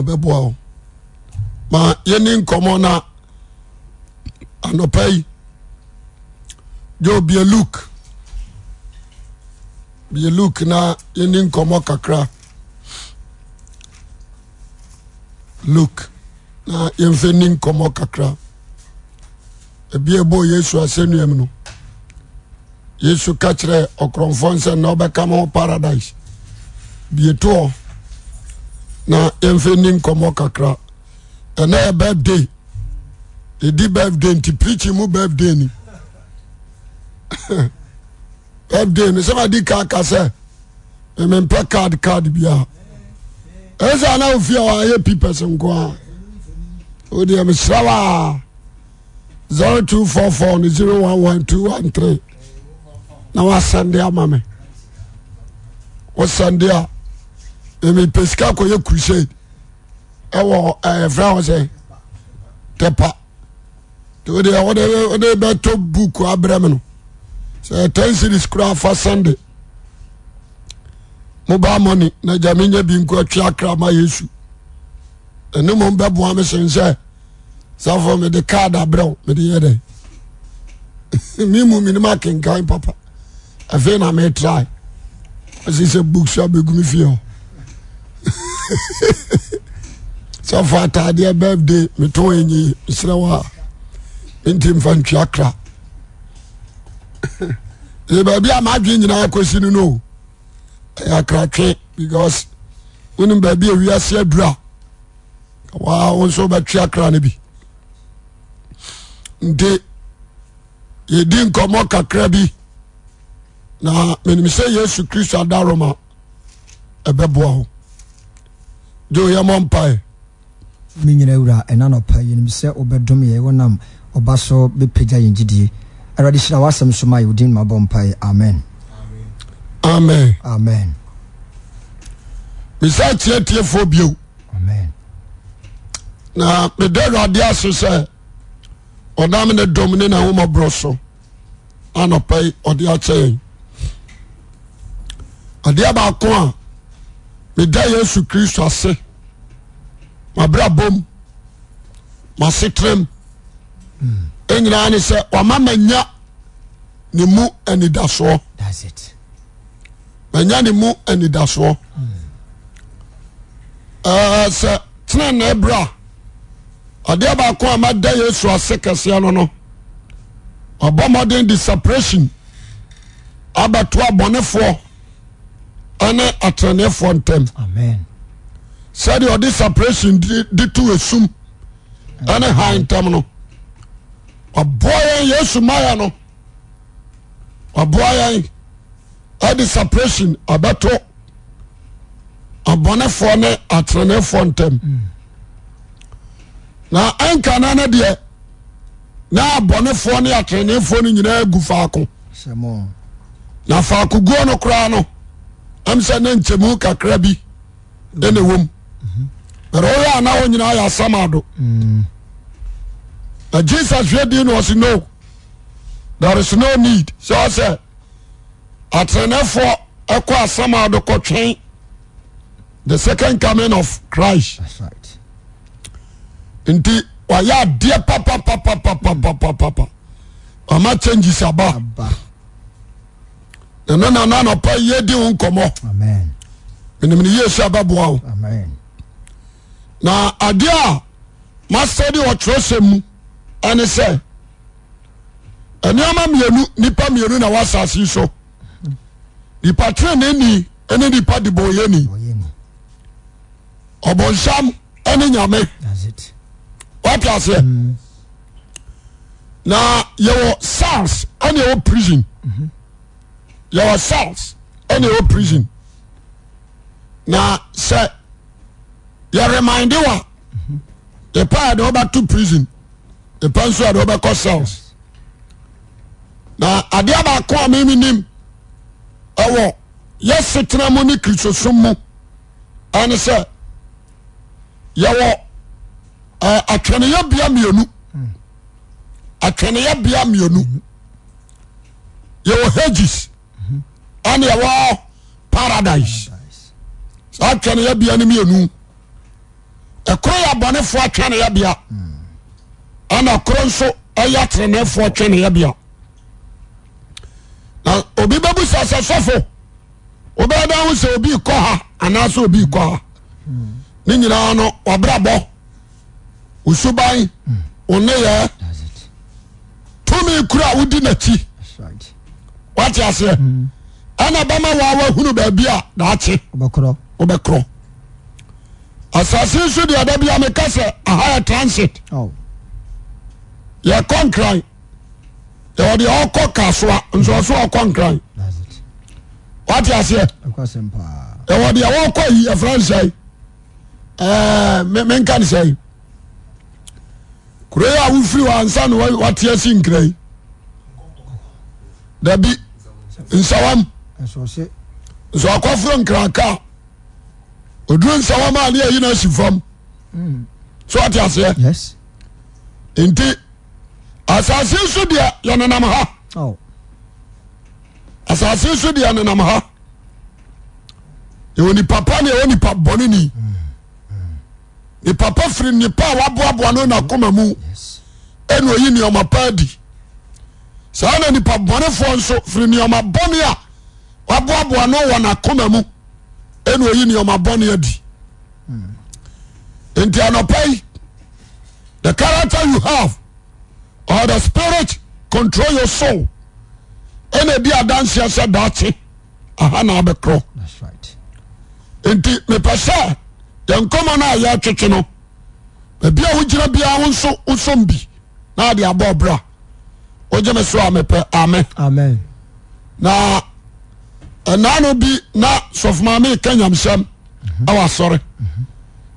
ɛbɛboa o ma yɛni nkɔmmɔ na anɔpa yi gyobie luke bie luke na yɛni nkɔmmɔ kakra luk na yɛmfɛ ni nkɔmmɔ kakra ebi ebo yesu asɛnnuam no yesu ka kyerɛ ɔkorɔmfoɔ nsɛ na ɔbɛka ma paradise bie na yɛmfɛ ni nkɔmmɔ kakra ɛnɛ yɛ birthday ɛdi birthday nti preach mu birthday ni birthday ni sɛ madi kaa ka sɛ mmempɛ card card biara ɛsɛ ana ofie a wɔayɛ pipɛs nko a wodeɛ mesrɛ one one two one three na wasɛnde ama o a pese ko ye crusaderaetepaeeto bok rem tnserees kro fa sanday mobamoni na yameyabik tiakrama yesu nemoebeboa mesense safo mede kadabremedeyed memu menikenka papafnmetrse boksg fe sɛfo ataadeɛ birthday metɔ ɛnyi meserɛ wo a menti kra yɛ baabi a maadwe nyinaa kɔsi no no ɛyɛ akratwe because wonim baabi a wiase adura waa wo nso wobɛtwe akra no bi nti kakra bi na menim sɛ yesu kristu adaroma ɛbɛboa ho yɛ panyia wurɛnanɔpa yinsɛ wobɛdum ywonam ɔba so bɛpegya yɛgyidie awadehira wasɛm somaywodinuabɔmpai amen meamen misatia tiefo bi na meda wadeɛ se sɛ ɔnamne domn nosoanɔpikɛdebaako a medayesu kristo ase mabrɛ bom masetram ɛyinaa hmm. ne sɛ wɔma ayaniɔanya ne mu anidasoɔsɛ tenane brɛ adeɛ baako a mada yesu ase kɛseɛ no no ɔbɔ mɔden tde separation abɛtoa abɔnefoɔ ɛne atraneɛfoɔ ntam sɛdeɛ ɔde sapration de to ɛsum ne han ntm no ɔboa yɛn yesu mayɛ no boa yɛn ade sapration abɛto abɔnefoɔ ne ateraneɛfoɔ ntam na ɛnka nano deɛ na abɔnefoɔ ne atranefoɔ no nyinaa gu faako nafaakoguo no koraa no m sɛnenkyɛmu kakra binewo oɛ ana hɔ nyinayɛ asamado na jesus wie di no wɔs no there is no need sɛw sɛ atranefoɔ ɛkɔ asama do kɔtwen the second comin of christ nti wayɛ adeɛ papappa ama changes aba nano nananapɛyedi wo nkɔmmɔ menemne yisu ababoa o na adeɛ a mastadi ɔkyerɛsɛm mu ane sɛ ɛne ɔma mmienu nipa mmienu na wɔ asaseyi so nnipa tere ne ni ne nnipa de bɔ yini ɔbɔnsam ne nyame waapiaseɛ mm. na yɛwɔ sous newɔ preson yɛwɔ sous aneɛwɔ mhm. prison na sɛ yɛremainde wa ɛpɛ ade wɔbɛto prison ɛpɛ nso ade wɔbɛkɔ cells na adeɛ baako ammnim ɛwɔ yɛ setenamu ne kirisosom mu ɛne sɛ yɛwɔ atwneɛa atwneɛbea mmin yɛwɔ hedges ane yɛwɔ paradise saa atwɛneɛ bia no mn ɛkoro yɛ abɔnefoɔ atweneyɛbea ɛna koro nso ɛyɛ terenefoɔ tweneyɛbea na obi bɛbu sa sɛ sɔfo wobɛɛda ho obi kọ ha anaasɛ obi kọ ha ne nyinaa no wabrabɔ wosuban wo nneyɛɛ tumi kura a wodi n'akyi wate aseɛ mm. ɛna bɛma waa wahunu a asase so deɛ dabi a meka sɛ ahie transit oh. yɛkɔ nkra yɛwɔdea wɔkɔ kasoa ns so ɔkɔ nkra wateaseɛ ɛwɔdeawɔkɔ yi afransɛi menkanesɛi krayi awofri waansan watiasi nkrai dabi nsɛwam ns wakɔforo nkraka odunsawa maa nea yina asifam so wate aseɛ nti asase nso dehaasase oh. nso deɛ yanenam ha w nipapa neawa nipabɔneni nipapa firinipa awaoaoannaoamu nuyi nnimapa di saw na nipabɔnefo nso frinniɔmabone a waoaboanowanakoamu nmabɔne adi nti anɔpa yi the character you have or the spirit control your soul ɛne di adanseɛ sɛ da kye ahanabɛkorɔ enti mepɛ sɛ yɛnkoma no ayɛ twetwe no mabi a wo gyina biara wo nso wosom bi na ade abɔɔ bra wogye mesoa mepɛ ame na ɛna no bi na sɔfoma meyka nyamsɛm mhm. ɛwɔ asɔre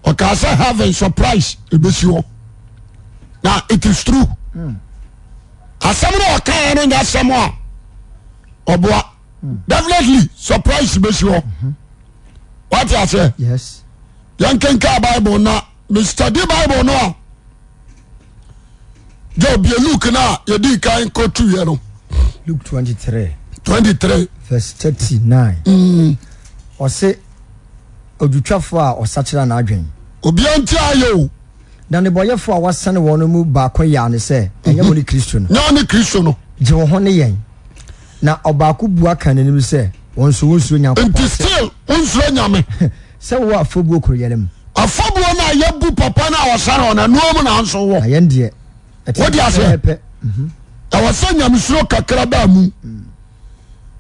ɔkaa sɛ havin surprise bɛsi hɔ na itis true hmm. asɛm no wɔka ɛ no nya sɛm a ɔboa hmm. definitly surprise bɛsi hɔ mhm. waati akɛy yɛnkenkaa bible na mestady bible no a gya obie luk noa yɛdikan kɔ tuiɛ nolk 2w03 verse thirty nine. Mm. ɔsɛ odutwafoɔ a ɔsakyera n'adwen. obiara nti ayɛ o. na a wasane wɔn mu baako yɛ ane sɛ mhm. ɛnyɛ wɔn ne kristo no. nyɛ wɔn ne kristo no. gye wɔn ho ne yɛn na ɔbaako bua kan n'anim sɛ wɔn nso wɔn nsuo nyame. nti still wɔn nsuo nyame. sɛ wɔwɔ afɔbuo koro yɛrɛ mu. afɔbuo na yɛ bu papa na ɔsane wɔn anua mu na nso wɔ. na yɛn deɛ. wɔde ase mhm. ɛwɔ sɛ nyamesuro kakra baa mu. Mm.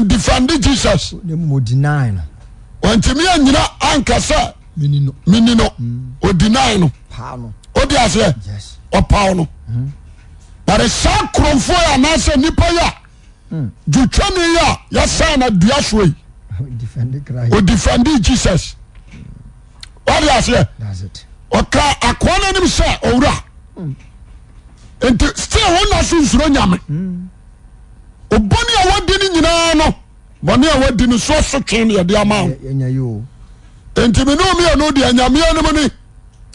ndefande jesus wntimia nyina ankasa meni no odinai no mm. odiaseɛ ɔpaw no batesaa korɔmfoɔ ɛ anasɛ nnipa yia mm. dwutwa ne yia yɛsaa na dua soai odifande jesus wade aseɛ ɔkra akoa ne anim sɛ ɔwura mm. niɛ ɔnaso nsuro nyame ɔbɔne awadino nyinaa no neawinso sotwn ɛ m ntimenende anyaɛnomn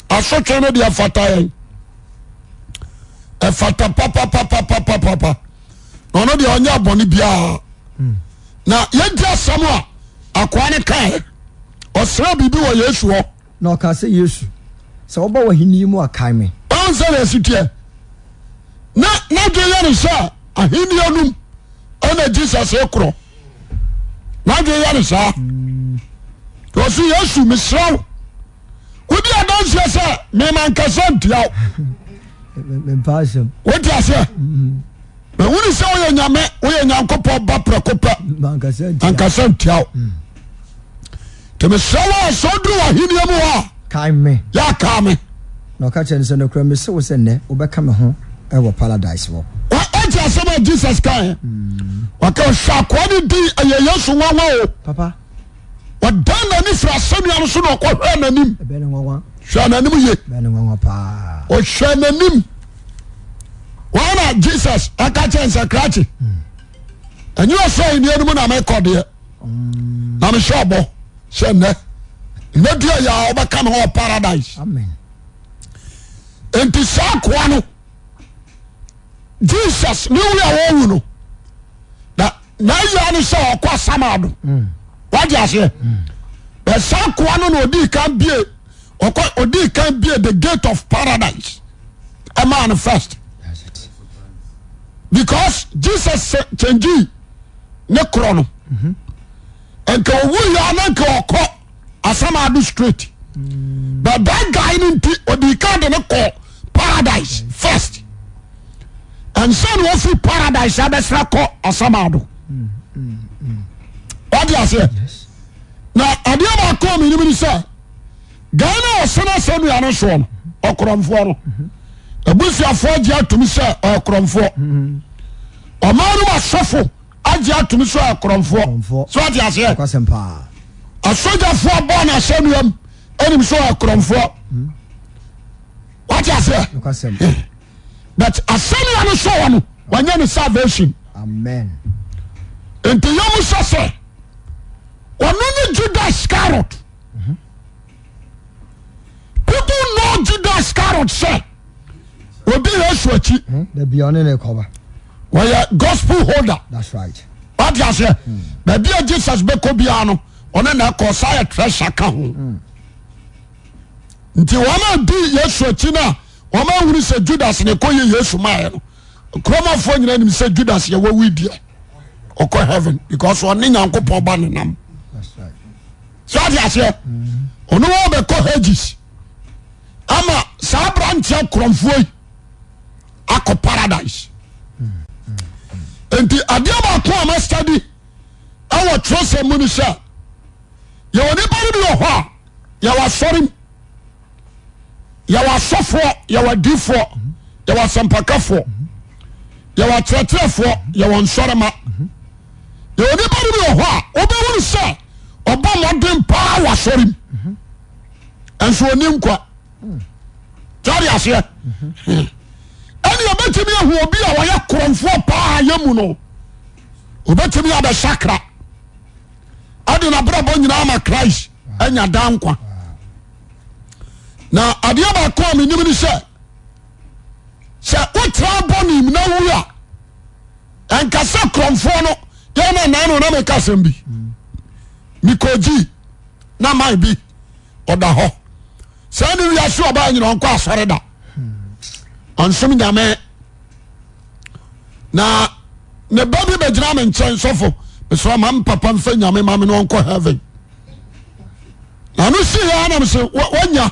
asotwee no deɛ fata fata ɔndnyɛ ɔn bia na yadi asam a akoa ne kae ɔsera bibi wɔ yesu hɔ nakasɛ yesu sɛ wobawaheni mu akamesas nenade yane sɛ ahennianum ana jesus ekoro nae yare saa so yesu me serao wedi adansie se mema nkasantia ase wnese y aynyankopɔn baprakopaankasania tmesra soduro ahenima yakame aki asema jesus ka se akowan d yyesu waono da nani fra sanuasonke nnea nani na jesus kake sekrake ysonnm namekodmse onyoeka paradisensakoa jesus ne wura wɔwu no na n'ayia no sɛ ɔkɔ samado wagye aseɛ ɛsa koa no na odi kan bie ɔkɔ odi kan bie the gate of paradise ɛmaa no first because jesus kyɛngyi ne korɔ no mm-hmm. nka owu yia na nka ɔkɔ asamado straight but that guy no nti odi kan de ne kɔ paradise first. ansanowɔfi paradise abɛsera kɔ asamaado wate aseɛ na adeɛ maako menimni sɛ gan na ɔsane asa nua ne soɔno ɔkorɔnfoɔ no busiafoɔ age atumi sɛ korɔnfoɔ ɔma nomasofo ae atumi sɛ korɔnfoɔ wataseɛ asogyafoɔ bɔne asanuam nis ɔkorɔnfoɔ wate aseɛ asɛne a no so hɔ no wɔnyɛ ne salvationamn inti yom sɛ sɛ ɔno ye juda scarod putuno juda scarod sɛ obi yɛasuakyi wɔyɛ gospel holderadaseɛ hmm. baabia jesus bɛkɔ biaa no ɔne na kɔ sayɛ trɛsyaka ho hmm. nti wɔne bi yɛasuakyi noa mawun sɛ judas ne ɛkɔyɛ yesu maɛ no krafoɔ nyianisɛ judas yɛwɔwideɛ ɔkɔ hven because ɔne nyankopɔn banenamɛɔnɛɔ ges aa saa brantia krɔmfoi akɔ paradise ni adeɛmaako amastadi wɔ terɛsɛmu no sɛ yniare di ɔhɔ a yɛwɔrewsfoɔ yɛwdifoɔ yɛwsɛmpakafoɔ yɛwterɛterɛfoɔ yɛwɔ nsɔrema yɛwɔniba nomiwɔ hɔ a obɛrumu sɛ ɔbɔ mɔden paa wsɔre m ɛnsɛonim nkwa kɛre aseɛ ɛne obɛtimi ahoobi a wɔyɛ korɔmfoɔ paa yɛ mu no obɛtimi abɛsakra adenabrɛbɔ nyinaa ma christ anyada nkwa adeɔ ba ko a menim ne sɛ sɛ wotra bɔ nim na wu a ɛnkasa korɔnfoɔ no yɛrne nanona meka sɛm bi mikgi na ma bi ɔda hɔ sa ne wia soaba nyinaɔnkɔ asɔre da nso nyame na nba bi bɛgyina menkyɛn sfmapapamfɛ nyanɔ vn nano sia nams wanya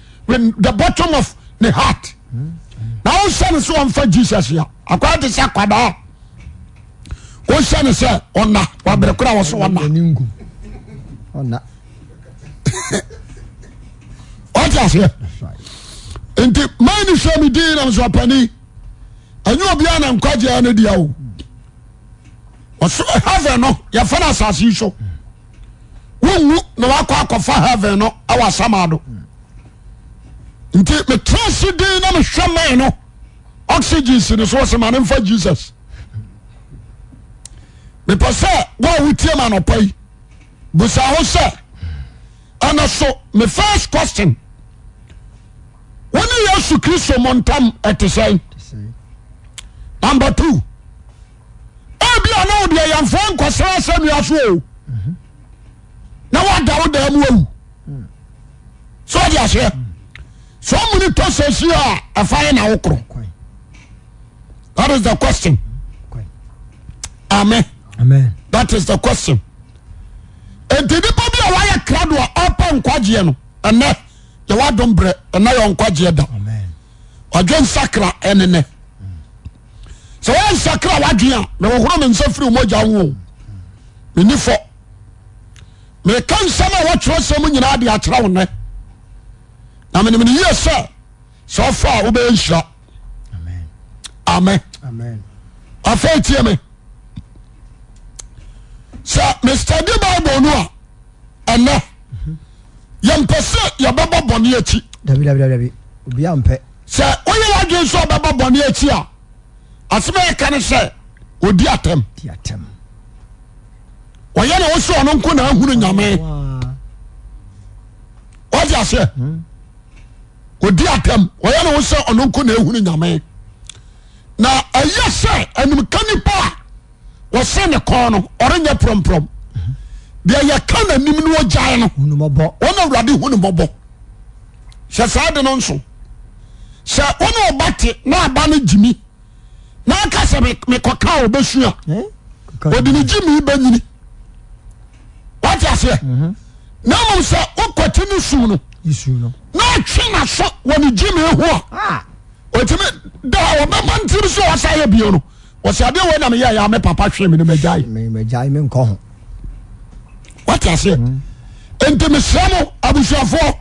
wɔɛno sɛɔmfa jesusaaɛdaawɔɛnsɛ ɔnɛɔsɛ ni mane sami namsopani anɛiana nkagyaana diao noyɛfa no sase su nawɔ ɔfa nwsad ntimetra seden na mehwɛ ma no oxigensy no so wɔsɛ manemfa jesus mepɛ sɛ wɔawotiamu anɔpɔyi bosa hɔ sɛ ɛna so me first question wone yesu kristo mo ntam ɛtesɛe numbe two ɛbiano wo dea yamfo nkɔsra sɛ mmua soɔo na woadawo daa muwawu sɛ wde aseɛ somune to sosio a ɛfa ye nawo korɔ ai e question thatis the question ntidep iwyɛ kradankwawansaraa nsa frianstɛ sɛ yinadkra namenemne yie sɛ sɛ wɔfaa wobɛyɛ nhyira ame afai atie me sɛ mesa dy bible no a ɛnɛ yɛmpɛ sɛ yɛbɛbɔ bɔne yakyia sɛ woyɛrɛ adwe sɛ ɔbɛbɔ bɔne aki a asemɛ ɛka ne sɛ ɔdi atɛm ɔyɛ na wosɛ ɔno nko na ahunu nyame wodease ɔdi atam ɔyɛ ne wo sɛ ɔnonko neahunu nyame na ayɛ sɛ anim ka nipa a wɔse ne kɔn no ɔrenyɛ prɔprɔm deɛ yɛ ka nanim no wɔgyae no wɔne awurade hu ne mɔbɔ hyɛ saa de no nso sɛ wɔne ɔba te naaba no gyimi naaka sɛ mekɔka a wɔbɛsu aɔde ne gyemeba nyini woteaseɛ mhm. na mmom sɛ wokwate no su no n'atwi n'aso wɔ ne gyimi ho a ah. otimi da ɔbɛma ntirim so wɔsa yɛ bio no wɔsi adeɛ wɔ nam yɛ ame papa hwɛ mi ni mɛ gya yi. mɛ gya yi mi nkɔ ho. wati aseɛ mm-hmm. ntumisiramu abusuafoɔ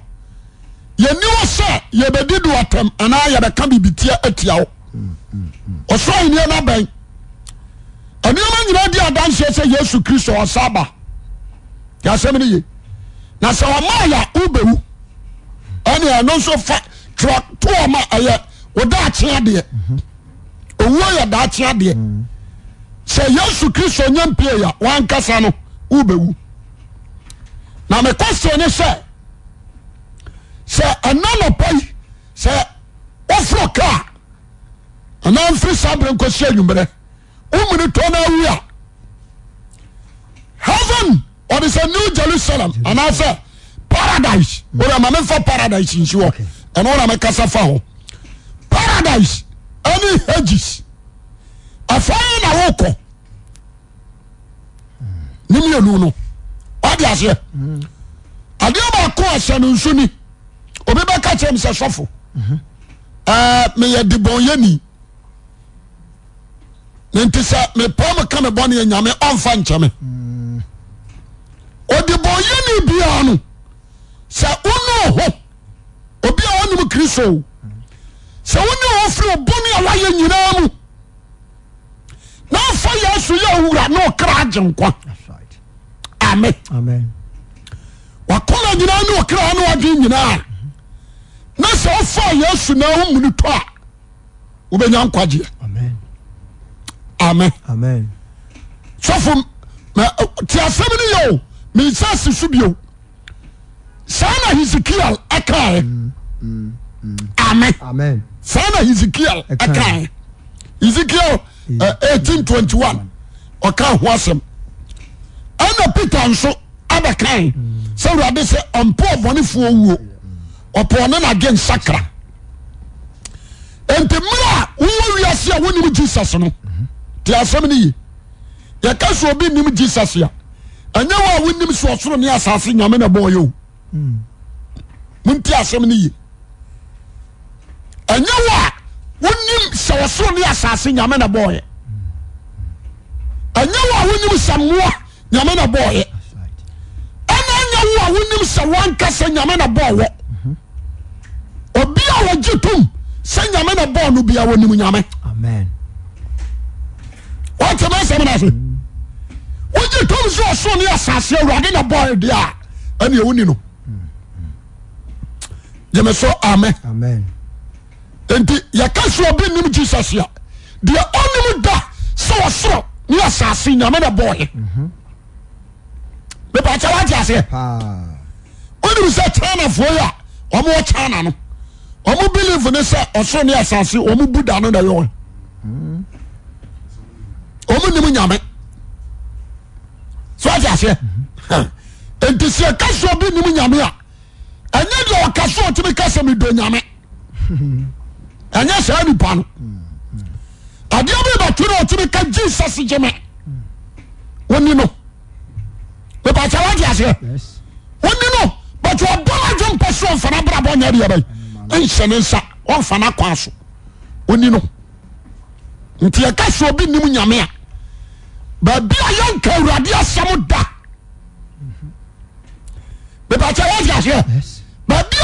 yɛni wɔ sɛ yɛbɛdi do atam anaa yɛbɛka bibi tia etia o mm-hmm. ɔsoro yi nneɛma bɛn nneɛma nyinaa di adanseɛ sɛ yesu kristo ɔsaba yasɛm ni ye na sɛ ɔmaa yɛ ubɛwu. ɛneɛno nso fa twra toɔ ma ɛyɛ wodaa kyea adeɛ owuo yɛ daa kyeaadeɛ sɛ yesu kristo nyampieia wankasa no wobɛwu na mekwsiɛ ne sɛ sɛ ɛnanɔpa yi sɛ woforo kaa anaa mfiri sa berɛ nksia anwumerɛ womini tɔno awu a heaven otesɛ new jerusalem anaasɛ paradise mm. orma mefa paradise nsi ɛneworamekasa fa ho paradise ane heges afai nawokɔ mian mm. deasɛ mm. adeɛ obako asɛmo nsoni obe bɛka kee mesɛsofo mm-hmm. meyɛ debon yeni enti sɛ mepa meka mebɔneɛnyame ɔmfa nkyɛme debonyeni biaao sɛwone oho obi awa nom kristo o sɛ wonye wɔfri ɔ bɔne a woayɛ nyinaa mu na afa yɛ asu yɛ owura ne ɔkra ge nkwa ame wakona nyinaa ne ɔkra ne wagen nyinaa na sɛ wofaa ya asu na o muno to a wobɛnya nkwa gyeɛ ame sɛfotiasɛm no yɛo minsa si so bio saa na hesekiel ɛkae ame saa na hesekiel ɛkae hesekiel 1821 eh, ɔka ho asɛm ɛna peter nso abɛkae sɛ awurade sɛ ɔmpo ɔbɔnefoɔ wuo ɔpɔɔ ne nagye nsakra enti mmerɛ a wowɔ wiase a wonim jesus no nti asɛm no ye yɛka sɛ obi nnim jesus ya. ɛnyɛ wɔ a wonim so ɔsoro ne asase nyame na bɔɔyɛ o momti asɛm no yi ɛnya wo a wonim sɛ wɔsone yɛsase nyame na bɔɔɛ nyɛ wo a woim sɛ mmoa nyam nabɔɔɛ ɛn nyɛ wo a wonm sɛ wnkasɛ nyame na bɔwɔ ɔbia wɔgye tom sɛ nyame na bɔɔ no biawɔnm yame tsɛn tɛ ɔon ɛsɛ yeso amɛ enti yɛka sɛɔbinim jesus a deɛ ɔnim da sɛ ɔsoro neɛsase nyame nɛɔɛ wsɛ n sɛ canafoɔ a ɔmɔana ɔm belive n sɛ ɔsoeɛssɔmdaɔ ɔmn yawɛnɛasɛbnim yama ɛnyɛ deɛ ɔkasɛ ɔtimi ka sɛ mido nyame ɛnyɛ sɛanipa no adeɛ obebato ne ɔtimi ka jesus gyimɛ nio pkyatasɛbt pɛofnrayanhɛne nsamfanea so n ntiɛka sɛ obinim nyame a babia yɛnkawradeɛ sɛm da akyataseɛ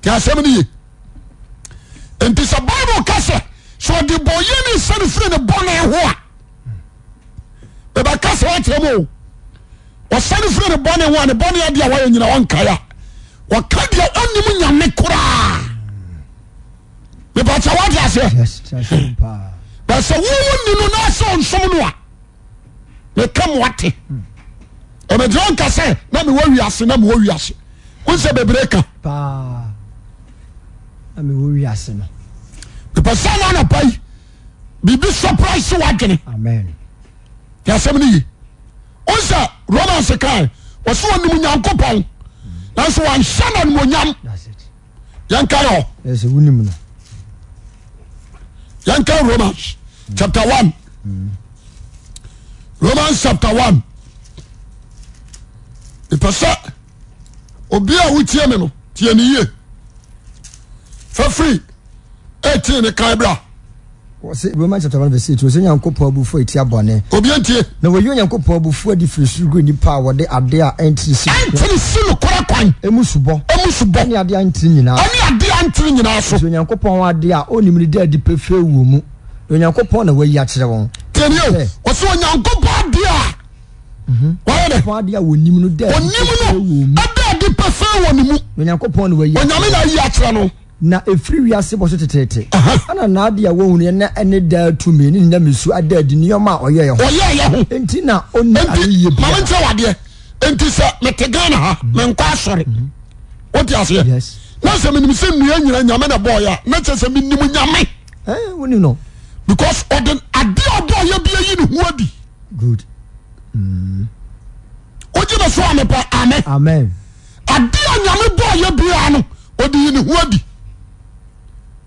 tasemi neye nti se bamekase sde bo yene sane fere ne bonehoayane kra mebateawoease wni sesomna mekamowateeasenmewsnewise se bebreka epɛ sa nana pai bibi surprise sewa akene te asam noye onsa romans kae wasewanim nyankopan nanso wansa na numonyam yankane yanka romans chapte oe romance chapte one epɛ sɛ obia wetie mi no tieniye fɛfiri eighteen ne kan bra. wɔsi roman chapter one verse eight wɔsi nyankopɔn abufuo eti abɔne. obi ntie. na wɔyi nyankopɔn abufuo adi firi suru gu nipa a wɔde ade a ɛntiri si. ɛntiri si no kora kwan. emu subɔ. emu subɔ. ɛni ade a ntiri nyinaa. ɛni ade a ntiri nyinaa so. nso nyankopɔn ade a onim mhm. ni de adi pefe wɔ mu onyankopɔn na wɔyi akyerɛ wɔn. tiɛni o wɔsi onyankopɔn ade a. wɔyɛ dɛ. onyankopɔn ade a pefe wɔ mu. onyankopɔn na wɔyi akyerɛ no na efiri wiase bɔ so teteete ɛna n'ade a wɔhunu yɛ na ɛne daa tumi ni nyinam esu ada adi nneɛma a ɔyɛ yɛ ho ɔyɛ yɛ ho nti na ɔne ayɛ yie bia maame nkyɛn wadeɛ nti sɛ mete ghana ha mɛ mhm. nkɔ asɔre mhm. o ti aseɛ na sɛ minimu sɛ nnua nyina nyame na bɔ ɔyɛ a na kyɛ sɛ minimu nyame ɛɛ woni no because ɔde adi a ɔbɔ ɔyɛ bi ayi ne ho adi good mm. o gyina so amepɛ amen amen ade a nyame bɔ ɔyɛ bi ano ɔde yi ne ho adi.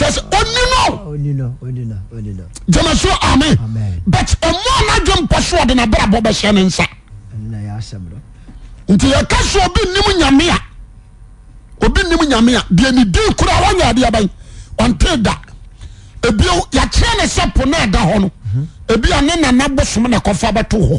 ɛɛ oni no gyamasoro ame but ɔmanodwe pɔ sodenabrɛbɔ bɛhyɛ no nsa ntiyɛka sɛ obi ni yamebin yamea ne i krayɛ ntdaykyerɛ n sɛponada hɔ n ine nanabsomna kɔfa tohɛ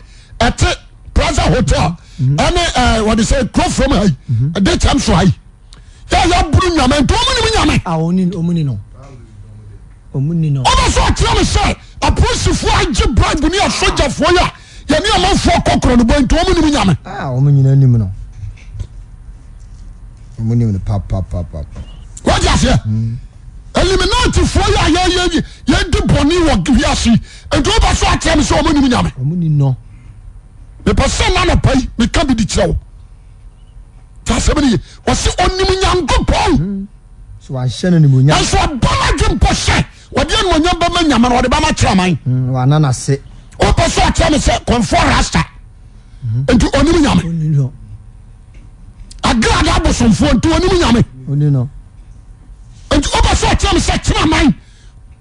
ɛte plaza hotel ɛne wɔde sɛ kuro from ɛde so yɛ yɛ buru nyame nti nim nyame. as ni no ni no. ɔbɛ ɔtí sɛ agye ni yɛ kɔkɔrɔ bɔ no mepɛ sɛ ma nɔpa yi meka bi di kyerɛ wo nti asɛm ne ye wɔse ɔnim nyankopɔn nso ɔbɔ no adwe mpɔ hyɛ wɔde animonyam bɛma nyama no wɔde bɛma hmm, kyerɛ man hmm. wopɛ sɛ ɔkyerɛ me sɛ kɔmfoɔ rasta nti ɔnim nyame agrade abosomfoɔ nti ɔnim nyame nti wopɛ sɛ ɔkyerɛ me sɛ kyena man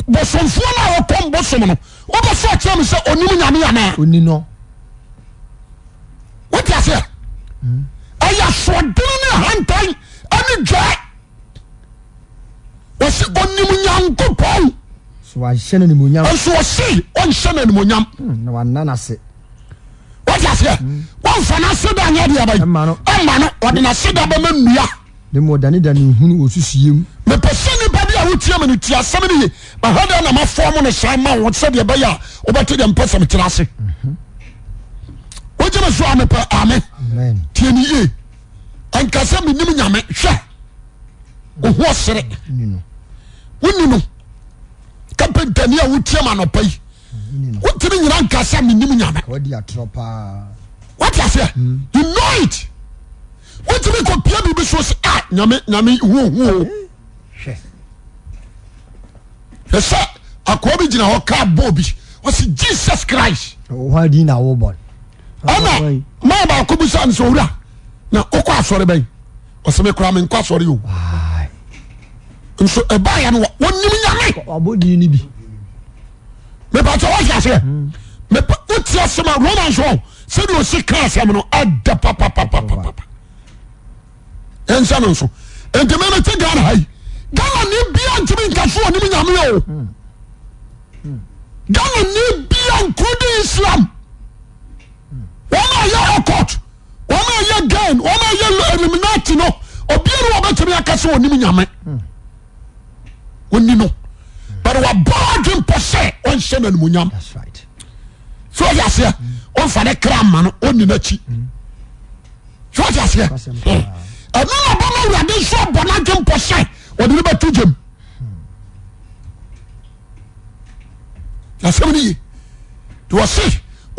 bosomfoɔ no a wɔkɔm bosom no wopɛ sɛ ɔkyerɛ me sɛ ɔnim nyame anaa wote aseɛ ɛyɛ soɔdene ne hantan ɛne dwae wɔse onim nyankopɔn nso wɔse ɔnhyɛ no animonyam wote aseɛ wɔmfa n'aseda anyɛ deɛ bɛyi ɛma no ɔde n'aseda bɛma nnua mepɛ sɛ nnipa bi a wotia ma no ti asɛm no ye mahada na mafoɔ mo no hyɛn ma wo sɛdeɛ ɛbɛyɛ a wobɛte deɛ mpɛ sɛ metena ase jene so anp am tnye ankasa menim yame hw oho sere wonin kapentania wotiam anopaiwotimi yina nkasa menim yame fai n wotimik pia bbi sose am hesɛ akoa bi ginao kabobi se jesus christ ɛna maa baako bi sa nsɛ owura na okɔ asɔre bɛyi ɔsɛmɛ kura mi nkɔ asɔre o nso ɛbaa yɛ hmm. no wɔn nim nyame. ɔbɔ di ni bi. mipatɔ wɔsi aseɛ mipa o ti asem a roman sɔn sɛbi o si kan asem no ɛda papapapapa ɛnsa no nso ntoma mi ti Ghana ha yi Ghana ni bia ntumi nkaso ɔnim nyame o hmm. Hmm. Ghana ni bia nkudi Islam. Mm wọn a yẹ ọkọt wọn a yẹ gain wọn a yẹ eliminati no obiara wọn bẹ tẹmí akasi wọn nim nyame wọn ni no wọn bọ ọdún pọsẹ wọn hyẹ n'anim nyam so ọdi aseɛ wọn fa ne kra ama no wọn ni n'akyi so ọdi aseɛ ɛnu na bọ na wura de nsọ bọ n'adun pọsẹ wọn de ne bɛ tu jẹm yasẹmu ni yi wọ si.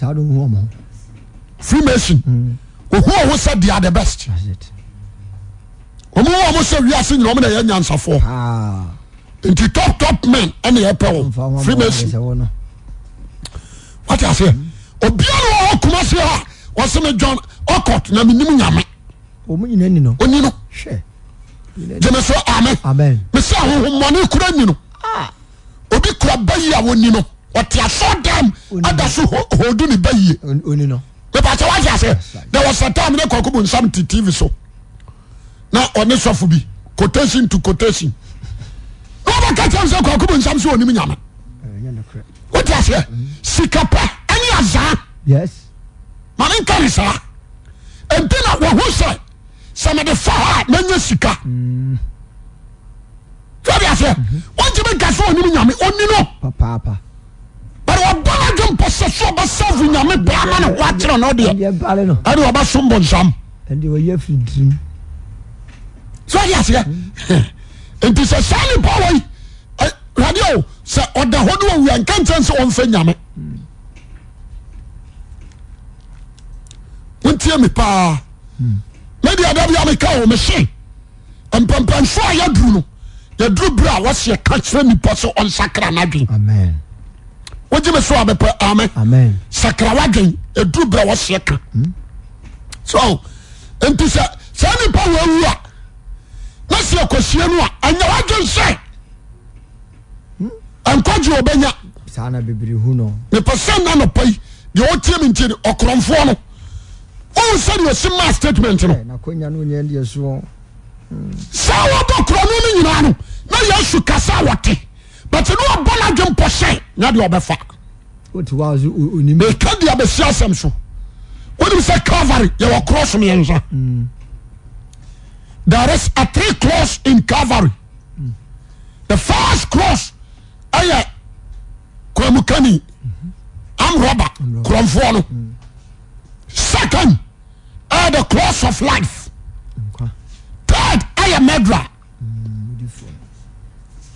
saa do hu ọmọ. freemason mm. ohun ọhún sẹ they are the best ọmọ wọn ọmọ sẹ wiase nyina ọmọ na yẹ nyansafọ ah. nti top top men ẹna yẹ pẹ wọn freemason wati ase mm. obiara wà wọ kumasi ha wọsi mi john okot na mi nimu nyame. ọmọ nyina ni no. oninu jẹmi sọ amen mesi ahohun mọ ni kura ni no ah. obi kura bayi a ni no ɔte asɔ dɛm ada so hodu ne ba yie mepasɛ wate ase na wɔsɛ tam ne kɔkobo nsam te tv so na ɔne sɔfo bi quotation to quotation na wɔbɛka kyɛm sɛ kɔkobo nsam so ɔnim nyame eh, wote aseɛ mm-hmm. sikapɛ ɛne azaa ma ne nkare saa ɛnti na wɔho sɛ sɛ mede fa hɔ a manya sika mm. mm-hmm. sɛ de aseɛ wɔntimi ka sɛ ɔnim nyame ɔni no sɛɛ yae osaɛ kee paɛsoyɛdr no yadurobrea waseɛ hmm. hmm. hmm. ka kerɛ nip sɛ ɔnsa kra nadwe wgyemesowap a sakrawodwn adr brɛ wsiɛ ka hmm? snts sa nipa waawu a na siakosiɛ no a anyawodwen sɛ nkogye wobanya p sɛna nɔpa deɛtimnti ɔkrɔnfoɔno sne ɔs ma satement no sa wderm no yina ysu kasawte but no ɔbɔna dwempɔ sɛ nyadeɛ wɔbɛfaka de abɛsiasɛm so wotim sɛ cavary yɛwɔ krɔssomeyɛnsa there is a tree clous in covary the first cross eh, ayɛ kwamukani amrɔbakorɔmfoɔ no second ar eh, the closs of life third eh, ayɛ mdra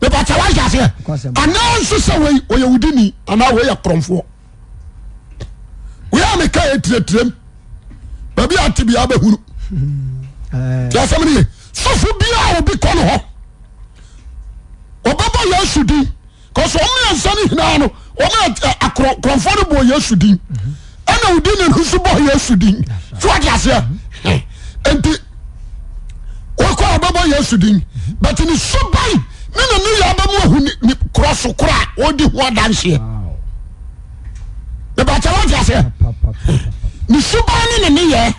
mepata wayɛ aseɛ anaa nso sɛ wei ɔyɛ wodini anaa wei yɛ korɔmfoɔ wei a meka yɛ tiretirem baabi a te biaa bɛhunu yɛsɛm no ye sofo biaa obi kɔ no hɔ ɔbɛbɔ yesu din kɔsɛ ɔmeansa no hinaa no ɔmakorɔmfoɔ no bɔɔ yesu din ɛna wodi ne no nso bɔɔ yesu din so wate aseɛ enti wɔkɔ ɔbɛbɔ yesu din but ne suban ne na ne yaba mu ahu ne korɔ so korɔ a wɔdi ho adanseɛ nebata wɔte aseɛ ne suban ne ne neyɛ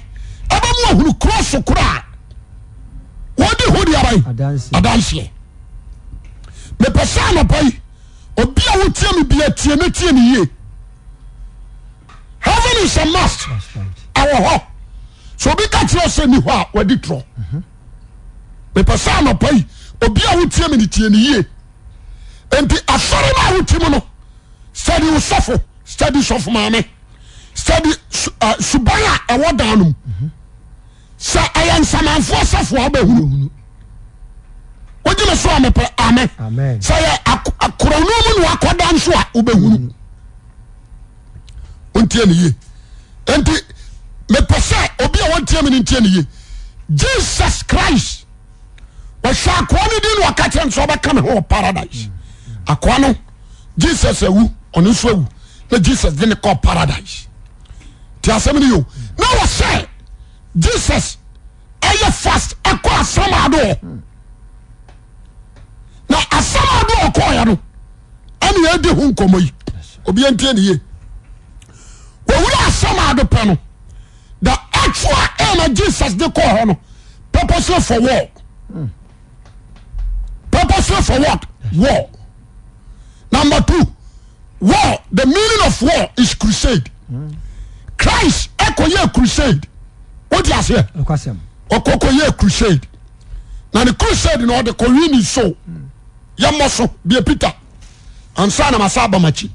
aba mu ahu ne korɔ so korɔ a wɔdi ho de aba adanseɛ mepɛ sɛ anapa yi obi a wotie me bia tie me tie me yie heaven is a must ɛwɔ hɔ so obi ka kyerɛ sɛ ni hɔ a wɔdi torɔ mepɛsɛ nopai obiawo tiemine tienye nti asɔre moawotim no sedy sofo sdy sfoame sdysuo a wo danom s y nsamanfo sefa wobeh ogine soap skrnmu nak dansoa woehuepsɛ obiawotimnotinye jesus christ wɔhwɛ akoa no di na wɔka kyerɛ no sɛ me ho wɔ paradise akoa no jesus awu ɔno nso awu na jesus de ne kɔ paradise nti asɛm no yo na wɔhyɛ jesus ɛyɛ fast ɛkɔ asɛm adoɔ na asɛm adoɔ ɔkɔɔyɛ no ɛne yɛadi ho nkɔmmɔ yi obiɛ ntie ne ye wɔwura asɛm ado pɛ no the actual aim a jesus de kɔɔ hɔ no purposely for war mm. s for wat war number two war the meaning of war is crusade christ ɛkɔ yɛ crusade wentiaseɛ ɔkkɔ yɛ crusade na ne crusade na ɔde koweni so yɛmɔ so bia peter ansa anamasa aba machi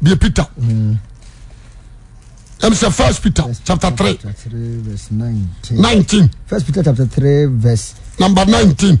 bie peter msɛ first peter chapte 3 vrs numbr 9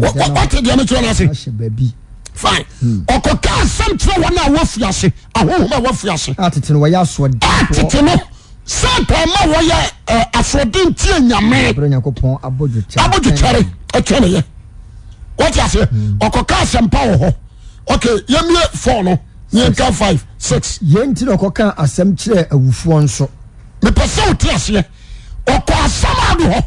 wokɔ pate deɛ mekyerɛ no ase fine ɔkɔka asɛm kyerɛ wɔn a wɔfiri ase ahohom a wɔfiri ase atete no satan ma wɔyɛ asoɔden tie nyame abodwotware ɛkyɛ ne yɛ wɔte aseɛ ɔkɔka asɛmpa wɔ hɔ ok yɛmmie four no yɛnka five six yɛn nti na ɔkɔka asɛm kyerɛ awufoɔ nso mepɛ sɛ wote aseɛ ɔkɔ asɛm ado hɔ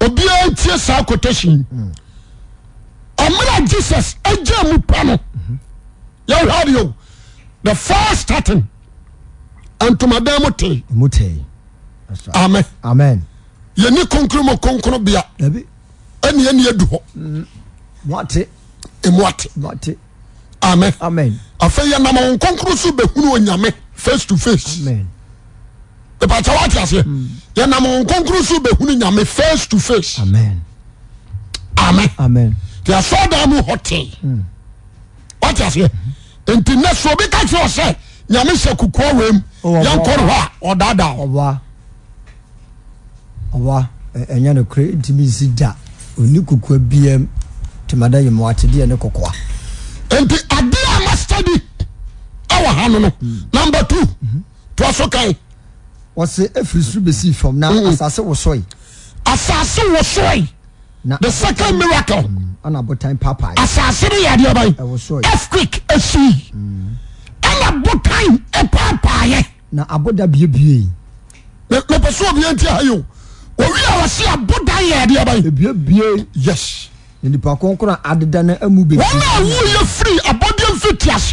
obiaa ntie saa akota hyem mm. amen a jesus agya mupa no mm-hmm. yɛhade the first aten antomadan mu teeame yeni konkromu kronkrno bea ɛne ne adu hɔ moate mm-hmm. ame afei yɛnam o nkonkrro so bɛhunu ɔnyame fase to face pa wateaseɛ mm. yɛnam nkonkro so behuno yame face to face mm. mm-hmm. a asɛdamhtwasɛ ntin sob ka kyerɛɔsɛ nyame hɛ koka wmyɛnkhɔa ɔdadawayane kra timinsi da ɔni koka biam timada yimawatedeane kokoa nti adea mastady awaann namb t tasoka se fri sro beseoasase wssarlesasdfq as n ota papae dosn seadadnp addwe fr nas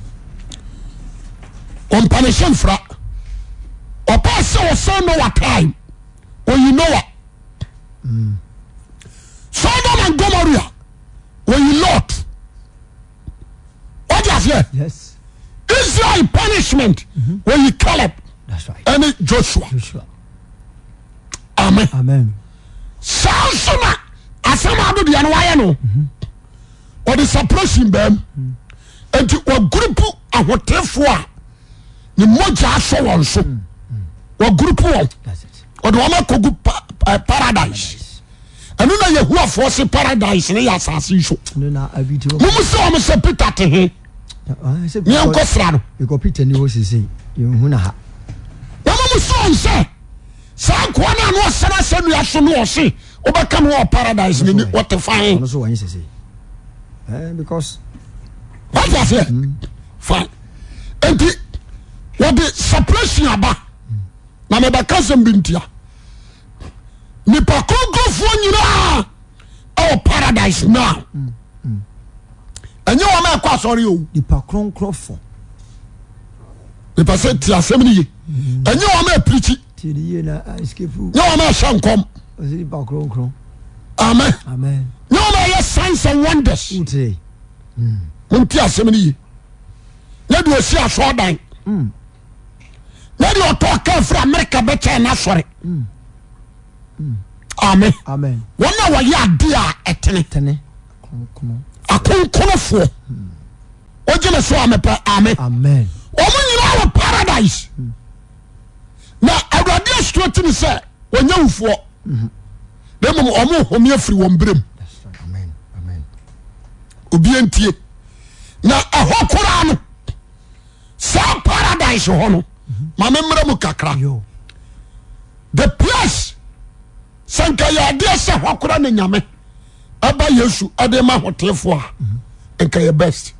panision fra ɔpɛ sɛ ɔsonnoa tim yinoa sodom and gomoria wɔ yi lot odeasɛ israle panishment we mm-hmm. yi calp ɛne josua ame sansoma asamadodeano wayɛ no mm-hmm. ode suprestin em mm-hmm. nti wgrup ahoefo ne mogya ahyɛ wɔn so Group wɔn wɔde wɔn akɔgu paradise ɛno na yehuafoɔ se paradise ne yɛ asase nso mumu sɛ wɔn sɛ peter te he yɛn nkɔ sira no wɔn mu sɛ wɔn sɛ saa nkoa no a no ɔsɛn asɛ nua so no ɔse wɔbɛka no wɔ paradise ne ni wɔte fain wɔte aseɛ fain nti. wute suppreton aba na mebeka sem bintia nipa kronkrofo yinaa awo paradise no anye wame ako asore owukokof nipa se ti asɛmi neye nye wame apirikiyewama shankom ame yewome yɛ sanson wonders mm. monpie asem ne ye ye deosi aso dan mm. nɛde ɔtɔɔ kaa firi amerika bɛkyɛɛna sɔre ame wɔna wɔya adea ɛtene akonkonofoɔ ɔgyene sɛ amɛpɛ ame ɔmo nyina wɔ paradise na awurade asitoa timi sɛ wɔnya wufoɔ de mmo ɔmohomia firi wɔn beremu obintie na ahɔ kora no saa paradise hɔno mamemmera mu kakra depress sɛnka yɛdeɛ sɛ hɔ kora ne nyame ɛba yesu dema hotefoɔ a nkayɛ best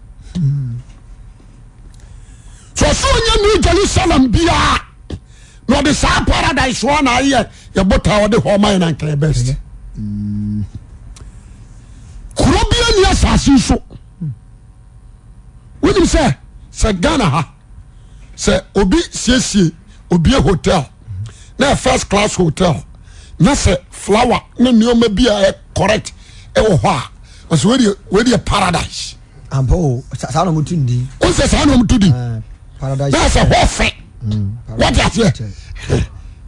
so sɛoya n jerusalem biara na ɔde saa paradise ɔ anayɛ yɛotawode hɔaɛnnkayɛbest kuro bi ni asase so wenim sɛ sɛ gana ha sɛ obi siesie obie hotel na first class hotel na sɛ flower ne nneɛma bi a ɛ correct ɛwɔ hɔ a ɔsɛ wɔde wɔde paradise. ampo saa na mo tu di. o sɛ saa na mo tu di. paradise na sɛ hɔ fɛ mm, wɔde aseɛ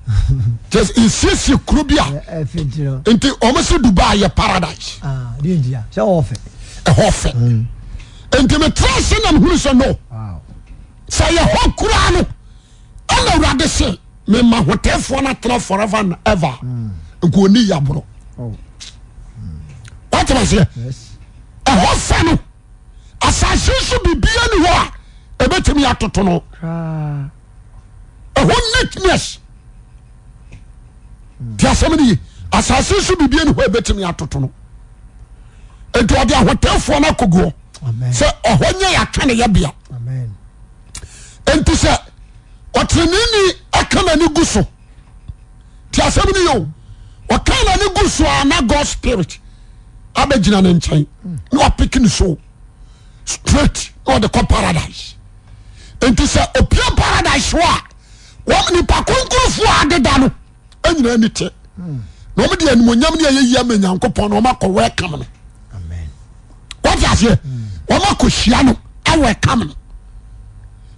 just nsiesie kuro bi a nti wɔn si dubai yɛ paradise. ɛhɔ fɛ mm. nti mi tẹ́lẹ̀ sẹ́nà mi hu sẹ́ no. sɛ yɛhɔ koraa no ɛna wurade se mema ahotfoɔ no tena fove n v niaɔ tasɛ ɛhɔ fa no asase nso birbia no hɔ a ɛbɛtimiyɛ toto no ɛhɔ netnes mm. asɛmno asase so bibia nhɛimiɛt ntdahotfoɔ noaog sɛ ɔhɔ yɛ yɛtwane yɛbia nti sɛ ɔtere ne ni ɛka nane gu so ntiasɛm noy ɔka nane g so a nagod spirit abɛgina oɛ pins nɔde paradise nti sɛ ɔpia paradise hɔ a nipa kronkrofoɔ adeda no yina ni t deniyam neɛyiama yankpɔnakaoɛmaia oa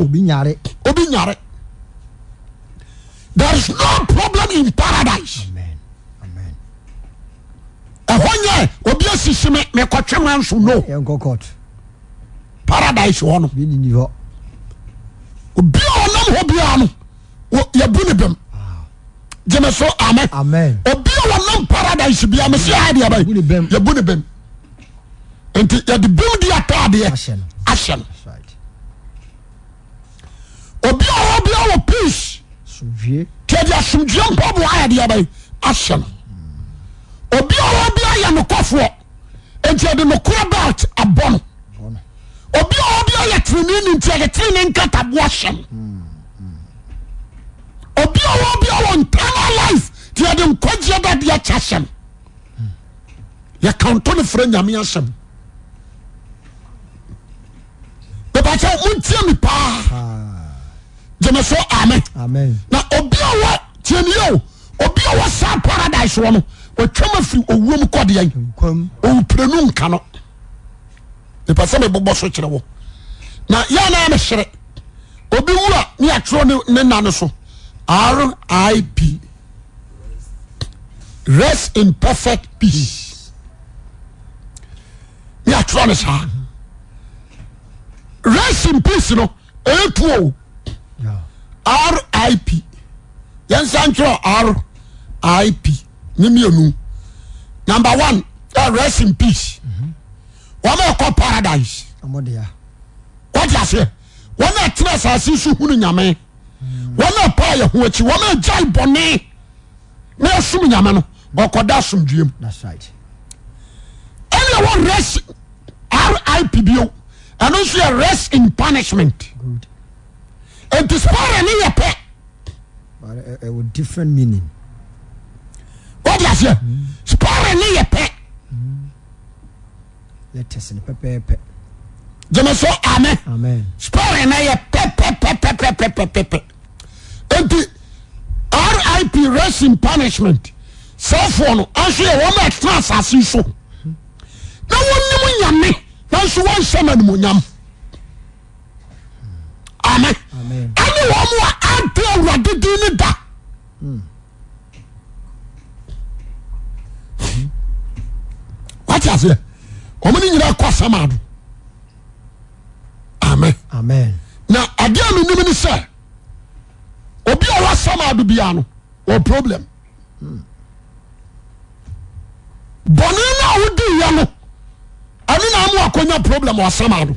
obi nyare teres no problem in paradise ɛh yɛ obiasisemɛ mekɔtwema nso no paradise hɔno obia ɔnam hɔ bira no yabu ne bam gemeso am obia ɔnam paradise biamesɛɛdeaayabune bam nti yɛde bam deapaadeɛ ahyɛ no obiwɔbia wɔ peace ntiɛde asomdwue mpɔboayadeɛbai asyɛ no obiwɔ biyɛnokɔfoɔ ɛntiɛde noko but abɔ no iɔbiyɛtrenenu ntiɛdetrene katabo syɛ no biwɔbi wɔ ntanal life tiɛde nkɔgyea da deɛyɛ syɛ no yɛkantɔ no fra nyame sɛ m bɛbaɛ montiami paa gemso ame na obiwɔ tanieo obiawɔ saa paradise wɔno watwama firi owom kodean owuperenu nka no nepɛ sɛmebobɔ so kyerɛ wo na yɛnamehyere obi wu a neatworɛ ne na no so r ib rest imperfect peace neatworɛ ne saa rest in peace no ɛtuo ripyɛnsa ntwerɛ rip namb o a res in peace ɔma ɛkɔ paradise woteaseɛ wɔna tera sase so hunu nyame ɔna pae yɛho akyi ɔmaagyae bɔne na asom nyame no ɔkɔda somdwam ɛnɛwres ripbio ɛno nso yɛres in punishment nti spore ne yɛ pɛ sɛ spore ne yɛ pɛ amso ame spore ne yɛ pɛɛ enti rip racin punishment sɛmfoɔ no answo yɛwomɛɛtera s ase so na wɔnim yame nanso wonsɛme animoyam ane wɔmwa ade wadeden ne da wati aseɛ ɔmane nyina kɔ asamaado amea na adeɛ amenum ne sɛ obia ɔwɔ asamaado bia no ɔ problem hmm. bɔne no a wodiyɛ no ane naamuakonya problem ɔsamaado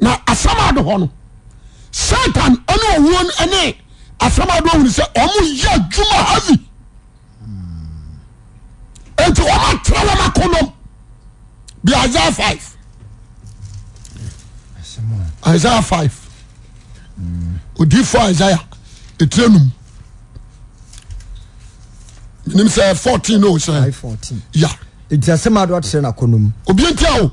naasam ade hɔ no satan ɛne ɔwuon ɛne asram ade ɔwune sɛ ɔmo yɛ adwuma havi nti ɔma terɛ wɛm akonom bi isaia 5 isaia 5 odifo isaia ɛtir num meni sɛ 14 s ya ɛiasɛmade terɛ no kɔ o